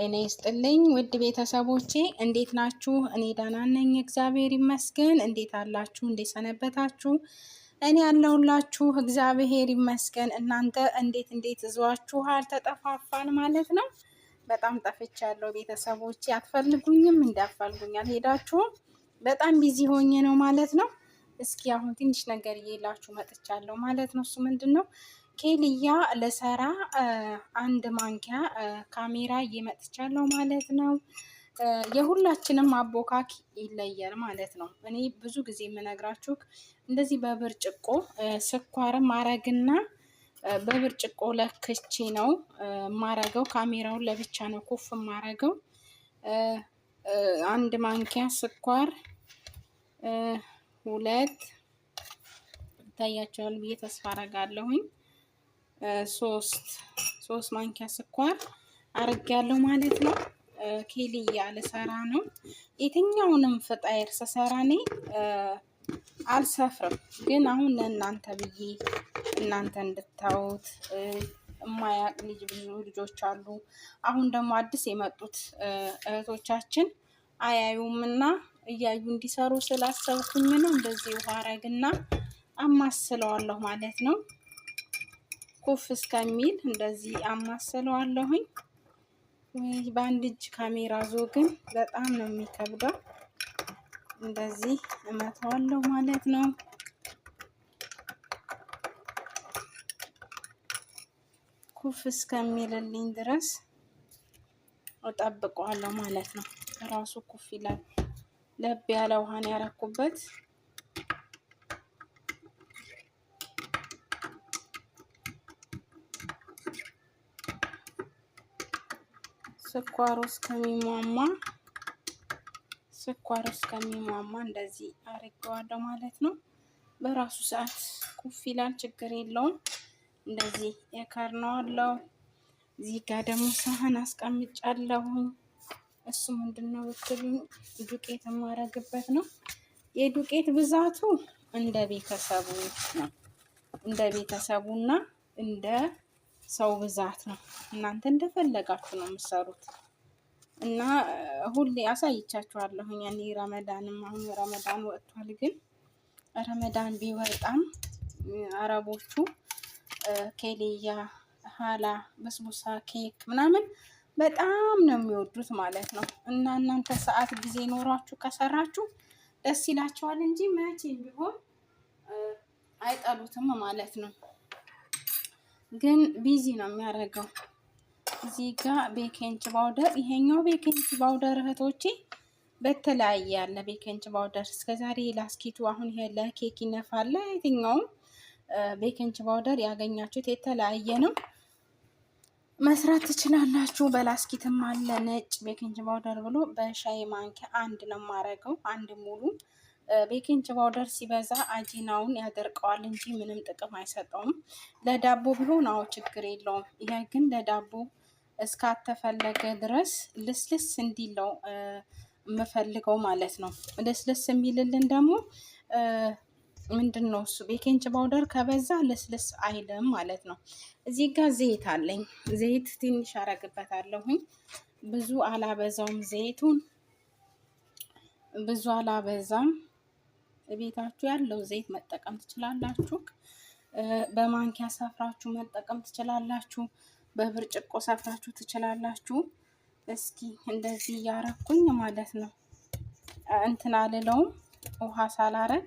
ጤና ይስጥልኝ ውድ ቤተሰቦቼ እንዴት ናችሁ? እኔ ደህና ነኝ፣ እግዚአብሔር ይመስገን። እንዴት አላችሁ? እንዴት ሰነበታችሁ? እኔ ያለሁላችሁ እግዚአብሔር ይመስገን። እናንተ እንዴት እንዴት እዟችኋል? ተጠፋፋን ማለት ነው። በጣም ጠፍቻለሁ ቤተሰቦቼ። አትፈልጉኝም? እንዳያፋልጉኝ ሄዳችሁ በጣም ቢዚ ሆኜ ነው ማለት ነው። እስኪ አሁን ትንሽ ነገር እየላችሁ መጥቻለሁ ማለት ነው። እሱ ምንድን ነው ኬልያ ለሰራ አንድ ማንኪያ ካሜራ እየመጥቻለው ማለት ነው። የሁላችንም አቦካክ ይለያል ማለት ነው። እኔ ብዙ ጊዜ የምነግራችሁ እንደዚህ በብርጭቆ ስኳር ማረግና በብርጭቆ ለክቼ ነው ማረገው። ካሜራውን ለብቻ ነው ኩፍ ማረገው። አንድ ማንኪያ ስኳር ሁለት ይታያቸዋል ብዬ ተስፋ አረጋለሁኝ። ሶስት ሶስት ማንኪያ ስኳር ያለው ማለት ነው። ኬሊ ያለ ሰራ ነው። የትኛውንም ፍጣይር ስሰራ እኔ አልሰፍርም፣ ግን አሁን ለእናንተ ብዬ እናንተ እንድታዩት የማያቅ ልጅ ብዙ ልጆች አሉ። አሁን ደግሞ አዲስ የመጡት እህቶቻችን አያዩምና እያዩ እንዲሰሩ ስላሰብኩኝ ነው እንደዚህ ውሃ አረግና አማስለዋለሁ ማለት ነው። ኩፍ እስከሚል እንደዚህ አማስለዋለሁኝ። በአንድ እጅ ካሜራ ዞ ግን በጣም ነው የሚከብደው። እንደዚህ እመተዋለሁ ማለት ነው። ኩፍ እስከሚልልኝ ድረስ እጠብቀዋለሁ ማለት ነው። ራሱ ኩፍ ይላል። ለብ ያለ ውሃን ያረኩበት ስኳሩ እስከሚሟሟ ስኳሩ እስከሚሟሟ እንደዚህ አድርገዋለሁ ማለት ነው። በራሱ ሰዓት ኩፍ ይላል፣ ችግር የለውም። እንደዚህ የከርነዋለው። እዚህ ጋር ደግሞ ሳህን አስቀምጫለሁኝ። እሱ ምንድን ነው ብትሉኝ ዱቄት የማረግበት ነው። የዱቄት ብዛቱ እንደ ቤተሰቡ ነው። እንደ ቤተሰቡና እንደ ሰው ብዛት ነው። እናንተ እንደፈለጋችሁ ነው የምትሰሩት እና ሁሌ አሳይቻችኋለሁ። ያኔ ረመዳንም አሁን ረመዳን ወጥቷል፣ ግን ረመዳን ቢወጣም አረቦቹ ኬሌያ ሀላ፣ በስቡሳ፣ ኬክ ምናምን በጣም ነው የሚወዱት ማለት ነው። እና እናንተ ሰዓት ጊዜ ኖሯችሁ ከሰራችሁ ደስ ይላቸዋል እንጂ መቼም ቢሆን አይጠሉትም ማለት ነው። ግን ቢዚ ነው የሚያደርገው። እዚህ ጋ ቤኬንች ባውደር፣ ይሄኛው ቤኬንች ባውደር እህቶቼ በተለያየ ያለ ቤኬንች ባውደር እስከዛሬ ላስኪቱ፣ አሁን ይሄ ለኬክ ይነፋለ የትኛውም ቤኬንች ባውደር ያገኛችሁት የተለያየ ነው መስራት ትችላላችሁ። በላስኪትም አለ ነጭ ቤኬንች ባውደር ብሎ በሻይ ማንኪያ አንድ ነው የማደርገው አንድ ሙሉ ቤኪንግ ፓውደር ሲበዛ አጂናውን ያደርቀዋል እንጂ ምንም ጥቅም አይሰጠውም። ለዳቦ ቢሆን አዎ ችግር የለውም። ይሄ ግን ለዳቦ እስካተፈለገ ድረስ ልስልስ እንዲለው የምፈልገው ማለት ነው። ልስልስ የሚልልን ደግሞ ምንድን ነው እሱ ቤኪንግ ፓውደር ከበዛ ልስልስ አይልም ማለት ነው። እዚህ ጋር ዘይት አለኝ። ዘይት ትንሽ አረግበታለሁኝ። ብዙ አላበዛውም። ዘይቱን ብዙ አላበዛም። ቤታችሁ ያለው ዘይት መጠቀም ትችላላችሁ። በማንኪያ ሰፍራችሁ መጠቀም ትችላላችሁ። በብርጭቆ ሰፍራችሁ ትችላላችሁ። እስኪ እንደዚህ እያረኩኝ ማለት ነው። እንትን አልለውም ውሃ ሳላረግ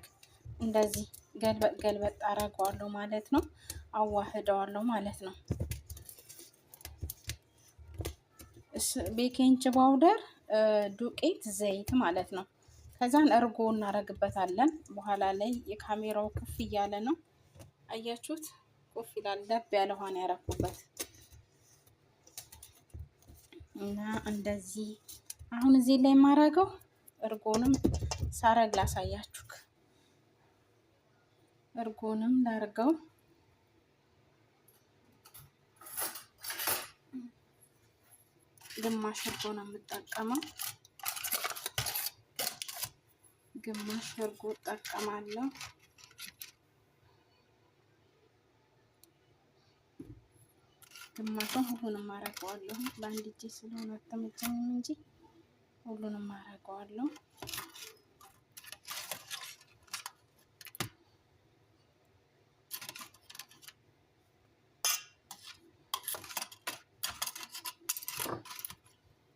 እንደዚህ ገልበጥ ገልበጥ አረገዋለሁ ማለት ነው። አዋህደዋለሁ ማለት ነው። ቤኬንች ፓውደር፣ ዱቄት፣ ዘይት ማለት ነው። ከዛን እርጎ እናረግበታለን። በኋላ ላይ የካሜራው ኩፍ እያለ ነው አያችሁት? ኩፍ ይላል። ለብ ያለ ውሃ ነው ያረኩበት እና እንደዚህ አሁን እዚህ ላይ የማረገው እርጎንም ሳረግ ላሳያችሁ። እርጎንም ላርገው ግማሽ እርጎ ነው የምጠቀመው። ግማሽ እርጎ እጠቀማለሁ። ግማሹን ሁሉንም አረገዋለሁ። በአንድ እጄ ስለሆነ አልተመቸኝም እንጂ ሁሉንም አረገዋለሁ።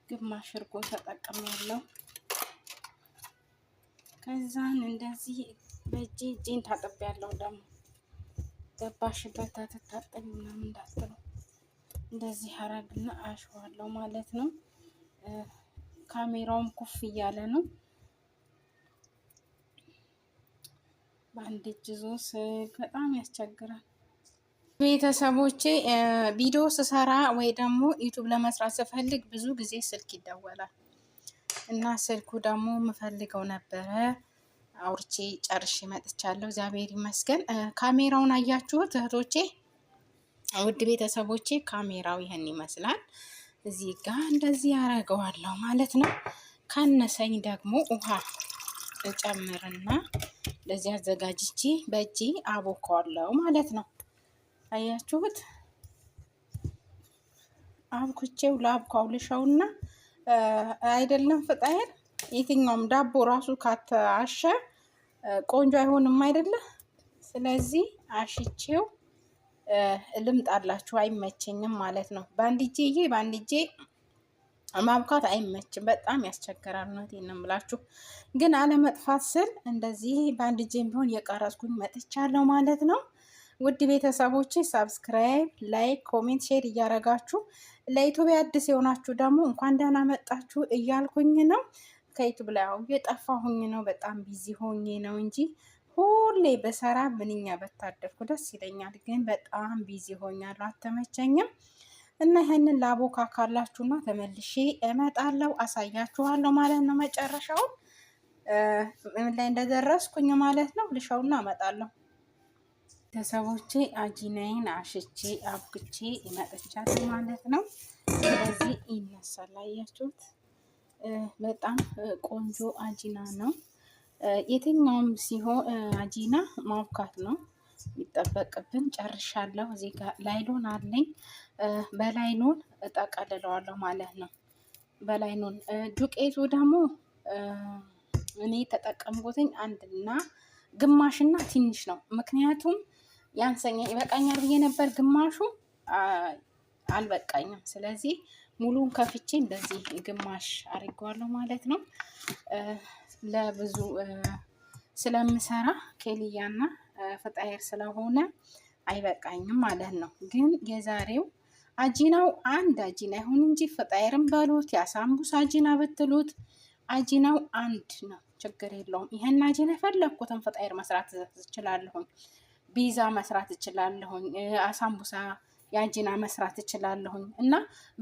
ግማሽ እርጎ ተጠቅሜያለሁ። ከዛን እንደዚህ በእጄ እጄን ታጥቤያለሁ። ደግሞ ገባሽበት አትታጠቢ ምናምን እንዳትለው እንደዚህ አረግና አሸዋለሁ ማለት ነው። ካሜራውም ኩፍ እያለ ነው። በአንድ እጅ ዞ በጣም ያስቸግራል። ቤተሰቦቼ ቪዲዮ ስሰራ ወይ ደግሞ ዩቱብ ለመስራት ስፈልግ ብዙ ጊዜ ስልክ ይደወላል። እና ስልኩ ደግሞ የምፈልገው ነበረ አውርቼ ጨርሼ መጥቻለሁ። እግዚአብሔር ይመስገን። ካሜራውን አያችሁት እህቶቼ፣ ውድ ቤተሰቦቼ፣ ካሜራው ይህን ይመስላል። እዚህ ጋ እንደዚህ ያደረገዋለሁ ማለት ነው። ካነሰኝ ደግሞ ውሃ እጨምርና እንደዚህ አዘጋጅቼ በእጄ አቦካዋለሁ ማለት ነው። አያችሁት? አብኩቼው ላብኳው ልሸውና አይደለም ፍጣሄር የትኛውም ዳቦ ራሱ ካተአሸ ቆንጆ አይሆንም አይደለ? ስለዚህ አሽቼው ልምጣላችሁ አይመቸኝም ማለት ነው። ባንዲጄ እጄ ይሄ ማብካት አይመችም፣ በጣም ያስቸግራል። እውነቴን ነው የምላችሁ። ግን አለመጥፋት ስል እንደዚህ በአንድ ቢሆን የቀረጽኩኝ መጥቻለሁ ማለት ነው። ውድ ቤተሰቦቼ ሳብስክራይብ፣ ላይክ፣ ኮሜንት፣ ሼር እያረጋችሁ ለኢትዮጵያ አዲስ የሆናችሁ ደግሞ እንኳን ደህና መጣችሁ እያልኩኝ ነው። ከዩቱብ ላይ የጠፋሁኝ ነው፣ በጣም ቢዚ ሆኜ ነው እንጂ ሁሌ በሰራ ምንኛ በታደርኩ ደስ ይለኛል። ግን በጣም ቢዚ ሆኛለሁ፣ አልተመቸኝም። እና ይህንን ላቦካ ካላችሁና ተመልሼ እመጣለሁ፣ አሳያችኋለሁ ማለት ነው መጨረሻውን ምን ላይ እንደደረስኩኝ ማለት ነው። ልሸውና እመጣለሁ። ቤተሰቦቼ አጂናይን አሽቼ አብክቼ መጥቻት ማለት ነው። ስለዚህ ይነሳል። አያችሁት? በጣም ቆንጆ አጂና ነው። የትኛውም ሲሆን አጂና ማብካት ነው የሚጠበቅብን። ጨርሻለሁ። እዚህ ጋር ላይሎን አለኝ። በላይሎን እጠቀልለዋለሁ ማለት ነው። በላይሎን ዱቄቱ ደግሞ እኔ ተጠቀምኩትኝ አንድና ግማሽና ትንሽ ነው ምክንያቱም ያንሰኛ ይበቃኛል ብዬ ነበር፣ ግማሹ አልበቃኝም። ስለዚህ ሙሉን ከፍቼ እንደዚህ ግማሽ አድርጌዋለሁ ማለት ነው። ለብዙ ስለምሰራ ኬልያና ፍጣየር ስለሆነ አይበቃኝም ማለት ነው። ግን የዛሬው አጂናው አንድ አጂና ይሁን እንጂ ፍጣየርም በሉት የአሳምቡስ አጂና ብትሉት አጂናው አንድ ነው፣ ችግር የለውም። ይህን አጂና የፈለግኩትን ፍጣየር መስራት ትችላለሁኝ። ቢዛ መስራት እችላለሁኝ፣ አሳምቡሳ የአጅና መስራት እችላለሁኝ እና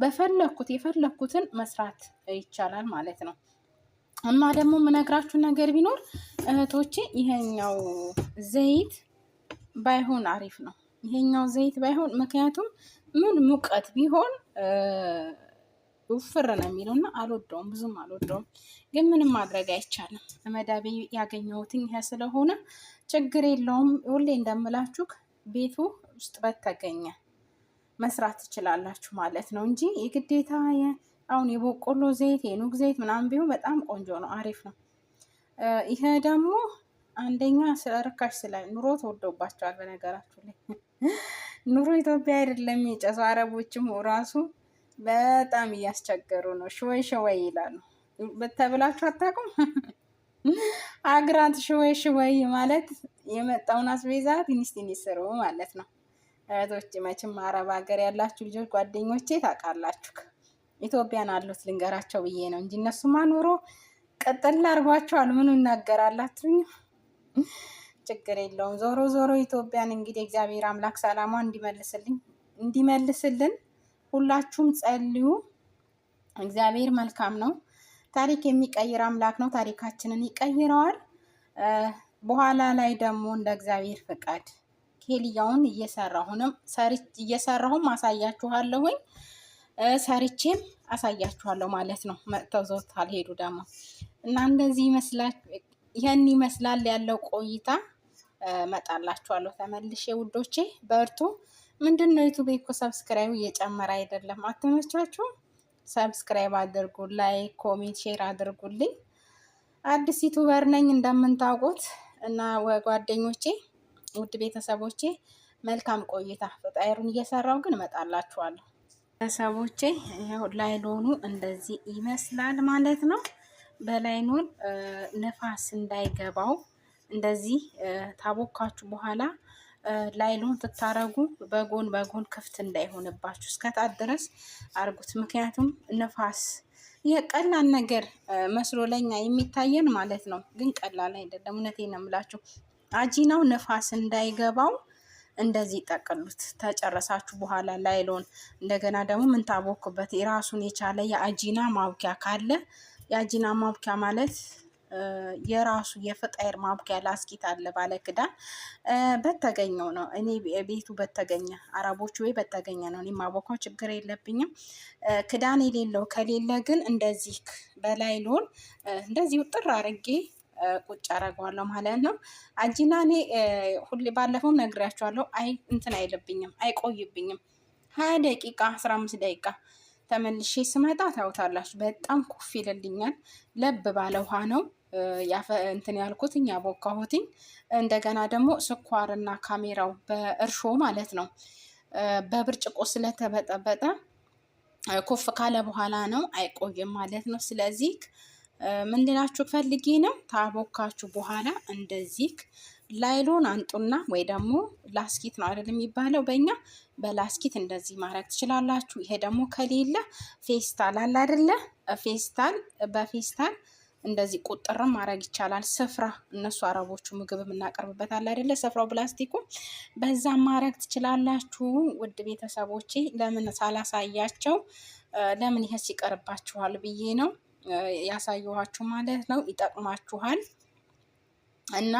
በፈለግኩት የፈለግኩትን መስራት ይቻላል ማለት ነው። እና ደግሞ የምነግራችሁ ነገር ቢኖር እህቶቼ ይሄኛው ዘይት ባይሆን አሪፍ ነው። ይሄኛው ዘይት ባይሆን ምክንያቱም ምን ሙቀት ቢሆን ውፍር ነው የሚለው እና አልወደውም፣ ብዙም አልወደውም። ግን ምንም ማድረግ አይቻልም። መዳቤ ያገኘሁት ይሄ ስለሆነ ችግር የለውም። ሁሌ እንደምላችሁ ቤቱ ውስጥ በተገኘ መስራት ትችላላችሁ ማለት ነው እንጂ የግዴታ አሁን የበቆሎ ዘይት የኑግ ዘይት ምናምን ቢሆን በጣም ቆንጆ ነው፣ አሪፍ ነው። ይሄ ደግሞ አንደኛ ርካሽ ስለ ኑሮ ተወደውባቸዋል። በነገራችሁ ላይ ኑሮ ኢትዮጵያ አይደለም የጨሱ አረቦችም ራሱ በጣም እያስቸገሩ ነው። ሽወይ ሽወይ ይላሉ። ተብላችሁ አታውቁም? አግራት ሽወይ ሽወይ ማለት የመጣውን አስቤዛ ትንሽ ትንሽ ስሩ ማለት ነው። እህቶች መቼም አረብ ሀገር ያላችሁ ልጆች ጓደኞቼ ታውቃላችሁ። ኢትዮጵያን አሉት ልንገራቸው ብዬ ነው እንጂ እነሱማ ኑሮ ቀጠል አድርጓቸዋል። ምኑ ይናገራላችሁ? ችግር የለውም። ዞሮ ዞሮ ኢትዮጵያን እንግዲህ እግዚአብሔር አምላክ ሰላሟን እንዲመልስልኝ እንዲመልስልን ሁላችሁም ጸልዩ። እግዚአብሔር መልካም ነው። ታሪክ የሚቀይር አምላክ ነው። ታሪካችንን ይቀይረዋል። በኋላ ላይ ደግሞ እንደ እግዚአብሔር ፍቃድ ኬልያውን እየሰራሁንም እየሰራሁም አሳያችኋለሁኝ ሰርቼም አሳያችኋለሁ ማለት ነው። መጥተው ዘውት አልሄዱ ደግሞ እና እንደዚህ ይመስላል። ይህን ይመስላል ያለው ቆይታ። መጣላችኋለሁ ተመልሼ ውዶቼ በርቱ። ምንድን ነው ዩቱብ እኮ ሰብስክራይብ እየጨመረ አይደለም። አትመቻችሁም? ሰብስክራይብ አድርጉ፣ ላይክ፣ ኮሜንት፣ ሼር አድርጉልኝ። አዲስ ዩቱበር ነኝ እንደምንታውቁት እና ጓደኞቼ፣ ውድ ቤተሰቦቼ መልካም ቆይታ። ፈጣይሩን እየሰራው ግን እመጣላችኋለሁ። ቤተሰቦቼ ላይ ላይሎኑ እንደዚህ ይመስላል ማለት ነው። በላይሎን ነፋስ እንዳይገባው እንደዚህ ታቦካችሁ በኋላ ላይሉን ትታረጉ በጎን በጎን ክፍት እንዳይሆንባችሁ እስከታት ድረስ አርጉት። ምክንያቱም ንፋስ የቀላል ነገር መስሎ ለኛ የሚታየን ማለት ነው፣ ግን ቀላል አይደለም። እውነቴን ነው የምላችሁ። አጂናው ንፋስ እንዳይገባው እንደዚህ ጠቅሉት። ተጨረሳችሁ በኋላ ላይሎን እንደገና ደግሞ ምንታቦክበት የራሱን የቻለ የአጂና ማብኪያ ካለ የአጂና ማብኪያ ማለት የራሱ የፍጣይር ማብኪያ ላስኪት አለ ባለ ክዳን በተገኘው ነው። እኔ ቤቱ በተገኘ አረቦቹ ወይ በተገኘ ነው እኔ ማቦካው ችግር የለብኝም። ክዳን የሌለው ከሌለ ግን እንደዚህ በላይ ሎን እንደዚህ ውጥር አርጌ ቁጭ አረገዋለሁ ማለት ነው። አጂና እኔ ሁሌ ባለፈውም ነግሪያቸዋለሁ። አይ እንትን አይልብኝም፣ አይቆይብኝም። ሀያ ደቂቃ አስራ አምስት ደቂቃ ተመልሼ ስመጣ ታዩታላችሁ። በጣም ኩፍ ይልልኛል። ለብ ባለ ውሃ ነው እንትን ያልኩትኝ ያቦካሁትኝ። እንደገና ደግሞ ስኳርና ካሜራው በእርሾ ማለት ነው በብርጭቆ ስለተበጠበጠ ኮፍ ካለ በኋላ ነው አይቆይም ማለት ነው። ስለዚህ ምንድናችሁ ልላችሁ ፈልጌ ነው ታቦካችሁ በኋላ እንደዚህ ላይሎን አንጡና ወይ ደግሞ ላስኪት ነው አይደል የሚባለው በእኛ በላስኪት እንደዚህ ማድረግ ትችላላችሁ። ይሄ ደግሞ ከሌለ ፌስታል አለ አይደለ ፌስታል በፌስታል እንደዚህ ቁጥር ማድረግ ይቻላል። ስፍራ እነሱ አረቦቹ ምግብ የምናቀርብበት አለ አይደለ? ስፍራው ፕላስቲኩ በዛ ማድረግ ትችላላችሁ። ውድ ቤተሰቦቼ ለምን ሳላሳያቸው ለምን ይህስ ይቀርባችኋል ብዬ ነው ያሳየኋችሁ ማለት ነው። ይጠቅማችኋል እና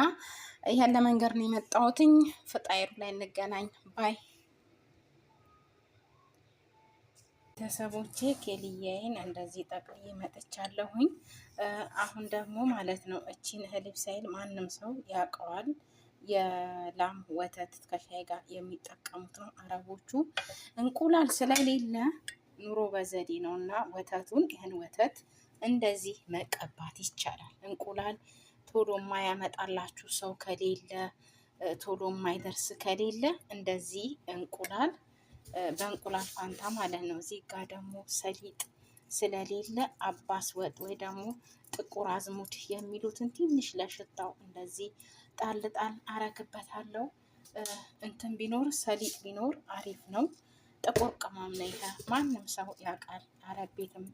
ይህን ለመንገድ ነው የመጣሁትኝ። ፍጣይሩ ላይ እንገናኝ ባይ ቤተሰቦቼ ኬልያዬን እንደዚህ ጠቅልዬ መጥቻለሁኝ። አሁን ደግሞ ማለት ነው እቺን ህልብ ሳይል ማንም ሰው ያውቀዋል። የላም ወተት ከሻይ ጋር የሚጠቀሙት ነው አረቦቹ። እንቁላል ስለሌለ ኑሮ በዘዴ ነው እና ወተቱን ይህን ወተት እንደዚህ መቀባት ይቻላል። እንቁላል ቶሎ የማያመጣላችሁ ሰው ከሌለ ቶሎ የማይደርስ ከሌለ እንደዚህ እንቁላል በእንቁላል ፋንታ ማለት ነው። እዚህ ጋ ደግሞ ሰሊጥ ስለሌለ አባስ ወጥ ወይ ደግሞ ጥቁር አዝሙድ የሚሉትን ትንሽ ለሽታው እንደዚህ ጣል ጣል አረግበታለሁ። እንትን ቢኖር ሰሊጥ ቢኖር አሪፍ ነው። ጥቁር ቅመም ነው ይሄ፣ ማንም ሰው ያውቃል። አረብ ቤትም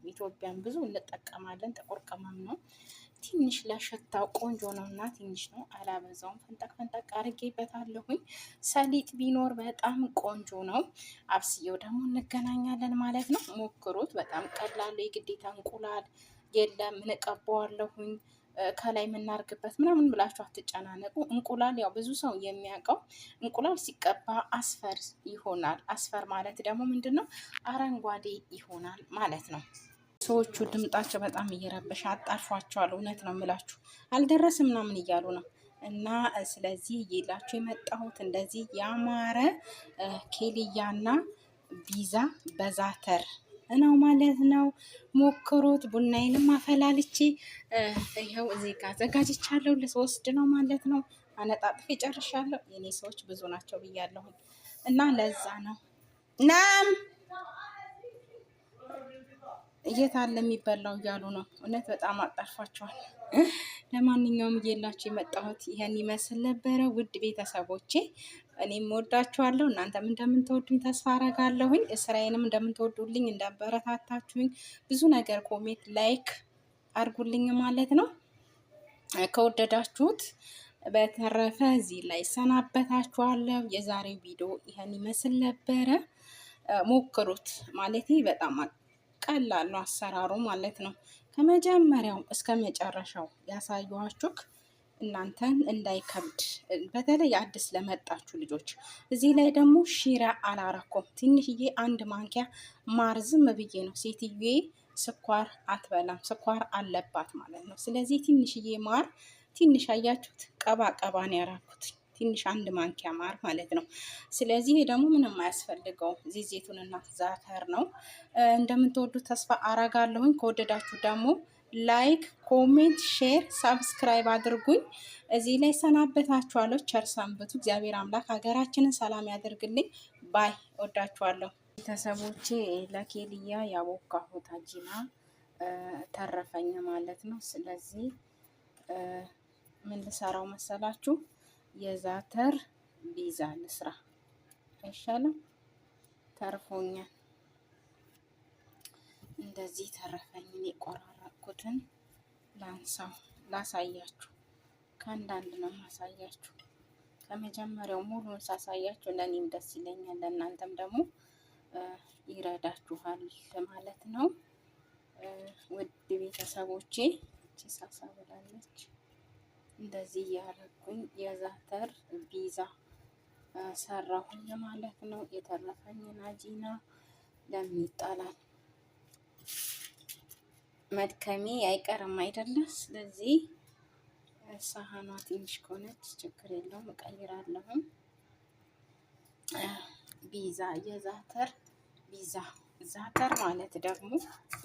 ብዙ እንጠቀማለን። ጥቁር ቅመም ነው ትንሽ ለሸታው ቆንጆ ነው እና ትንሽ ነው አላበዛውም። ፈንጠቅ ፈንጠቅ አድርጌበታለሁኝ። ሰሊጥ ቢኖር በጣም ቆንጆ ነው። አብስየው ደግሞ እንገናኛለን ማለት ነው። ሞክሩት። በጣም ቀላሉ የግዴታ እንቁላል የለም እንቀባዋለሁኝ ከላይ የምናርግበት ምናምን ብላችሁ አትጨናነቁ። እንቁላል ያው ብዙ ሰው የሚያውቀው እንቁላል ሲቀባ አስፈር ይሆናል። አስፈር ማለት ደግሞ ምንድን ነው? አረንጓዴ ይሆናል ማለት ነው። ሰዎቹ ድምጣቸው በጣም እየረበሸ አጣርፏቸዋል። እውነት ነው የምላችሁ አልደረስም ምናምን እያሉ ነው። እና ስለዚህ ይላችሁ የመጣሁት እንደዚህ ያማረ ኬልያና ቪዛ በዛተር ነው ማለት ነው። ሞክሩት። ቡናዬንም አፈላልቼ ይኸው እዚህ ጋር አዘጋጅቻለሁ። ልወስድ ነው ማለት ነው። አነጣጥፍ ይጨርሻለሁ። የኔ ሰዎች ብዙ ናቸው ብያለሁኝ እና ለዛ ነው ናም የት አለ የሚበላው እያሉ ነው። እውነት በጣም አጣርፋቸዋል። ለማንኛውም እየላችሁ የመጣሁት ይህን ይመስል ነበረ። ውድ ቤተሰቦቼ እኔም ወዳችኋለሁ፣ እናንተም እንደምትወዱኝ ተስፋ አረጋለሁኝ። ስራዬንም እንደምትወዱልኝ እንዳበረታታችሁኝ ብዙ ነገር ኮሜንት፣ ላይክ አድርጉልኝ ማለት ነው ከወደዳችሁት በተረፈ እዚህ ላይ ሰናበታችኋለሁ። የዛሬው ቪዲዮ ይህን ይመስል ነበረ። ሞክሩት ማለቴ በጣም ቀላል ነው አሰራሩ ማለት ነው። ከመጀመሪያው እስከ መጨረሻው ያሳየኋችሁ እናንተን እንዳይከብድ በተለይ አዲስ ለመጣችሁ ልጆች። እዚህ ላይ ደግሞ ሺራ አላረኩም። ትንሽዬ አንድ ማንኪያ ዝም ብዬ ነው። ሴትዬ ስኳር አትበላም፣ ስኳር አለባት ማለት ነው። ስለዚህ ትንሽዬ ማር ትንሽ አያችሁት፣ ቀባ ቀባ ነው ያራኩት። ትንሽ አንድ ማንኪያ ማር ማለት ነው። ስለዚህ ደግሞ ምንም አያስፈልገው እዚህ ዜቱንና ዛተር ነው። እንደምትወዱት ተስፋ አረጋለሁኝ። ከወደዳችሁ ደግሞ ላይክ፣ ኮሜንት፣ ሼር፣ ሳብስክራይብ አድርጉኝ። እዚህ ላይ ሰናበታችኋለሁ። ቸር ሰንብቱ። እግዚአብሔር አምላክ ሀገራችንን ሰላም ያደርግልኝ። ባይ ወዳችኋለሁ ቤተሰቦቼ። ለኬልያ ያቦካሁት አጂና ተረፈኝ ማለት ነው። ስለዚህ ምን ልሰራው መሰላችሁ? የዛተር ፒዛ ልስራ አይሻልም? ተርፎኛል። እንደዚህ ተረፈኝን የቆራረጥኩትን ላንሳው ላሳያችሁ። ከአንዳንድ ነው ማሳያችሁ። ከመጀመሪያው ሙሉን ሳሳያችሁ ለእኔም ደስ ይለኛል፣ ለእናንተም ደግሞ ይረዳችኋል ማለት ነው። ውድ ቤተሰቦቼ ሳሳ ብላለች። እንደዚህ እያረኩኝ የዛተር ቪዛ ሰራሁኝ ማለት ነው። የተረፈኝን አጂና ለሚጣላል መድከሜ አይቀርም አይደለም። ስለዚህ ሳህኗ ትንሽ ከሆነች ችግር የለውም እቀይራለሁም። ቪዛ የዛተር ቪዛ ዛተር ማለት ደግሞ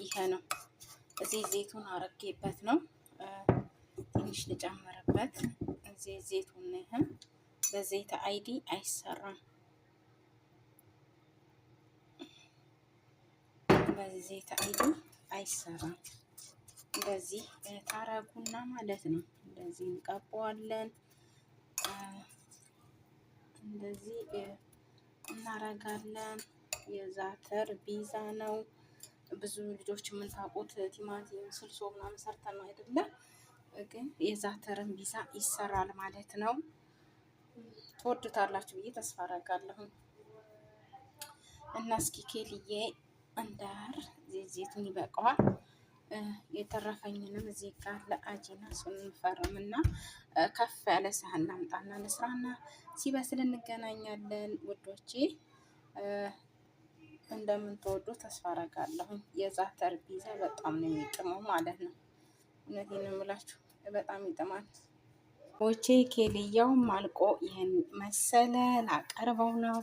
ይሄ ነው። እዚህ ዘይቱን አረጌበት ነው ትንሽ ልጨምርበት። እዚህ ዘይቱን ይህም በዘይት አይዲ አይሰራም። በዘይት አይዲ አይሰራም። እንደዚህ ታረጉና ማለት ነው። እንደዚህ እንቀባዋለን። እንደዚህ እናረጋለን። የዛተር ቢዛ ነው። ብዙ ልጆች የምንታውቁት ቲማቲም ስልሶ ምናምን ሰርተን አይደለም ግን የዛ ተረምቢዛ ይሰራል ማለት ነው። ትወዱታላችሁ ብዬ ተስፋ አደርጋለሁ። እና እስኪ ኬልዬ እንዳር ዜዜቱን ይበቃዋል። የተረፈኝንም እዚህ ጋር ለአጂና ስንፈርምና ከፍ ያለ ሳህን ላምጣና ለስራና ሲበስል እንገናኛለን ውዶቼ። እንደምንትወዱ ተስፋ አደርጋለሁ። የዛተር ተርቢዛ በጣም ነው የሚጥመው ማለት ነው። እውነቴን ነው የምላችሁ። በጣም ይጥማል። ቦቼ ኬልያውም አልቆ ይህን መሰለ ላቀርበው ነው።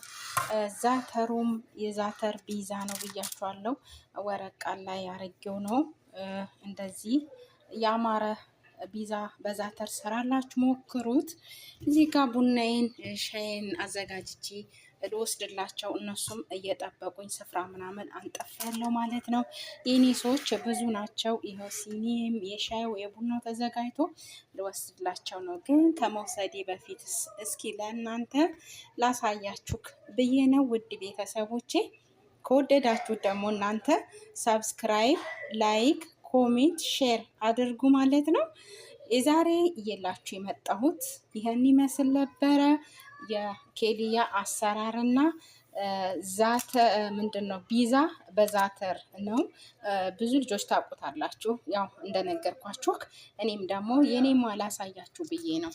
ዛተሩም የዛተር ቢዛ ነው ብያችኋለሁ። ወረቃ ላይ ያረጌው ነው። እንደዚህ ያማረ ቢዛ በዛተር ስራላችሁ ሞክሩት። እዚህ ጋር ቡናዬን ሻይን አዘጋጅቼ ልወስድላቸው እነሱም እየጠበቁኝ ስፍራ ምናምን አንጠፍ ያለው ማለት ነው። የኔ ሰዎች ብዙ ናቸው። ይኸው ሲኒም የሻዩ የቡናው ተዘጋጅቶ ልወስድላቸው ነው። ግን ከመውሰዴ በፊት እስኪ ለእናንተ ላሳያችሁ ብዬ ነው ውድ ቤተሰቦቼ። ከወደዳችሁ ደግሞ እናንተ ሰብስክራይብ፣ ላይክ፣ ኮሜንት፣ ሼር አድርጉ ማለት ነው። የዛሬ እየላችሁ የመጣሁት ይህን ይመስል ነበረ። የኬልያ አሰራርና ዛተ ምንድን ነው ቢዛ በዛተር ነው። ብዙ ልጆች ታውቁታላችሁ። ያው እንደነገርኳችሁ እኔም ደግሞ የኔ አላሳያችሁ ብዬ ነው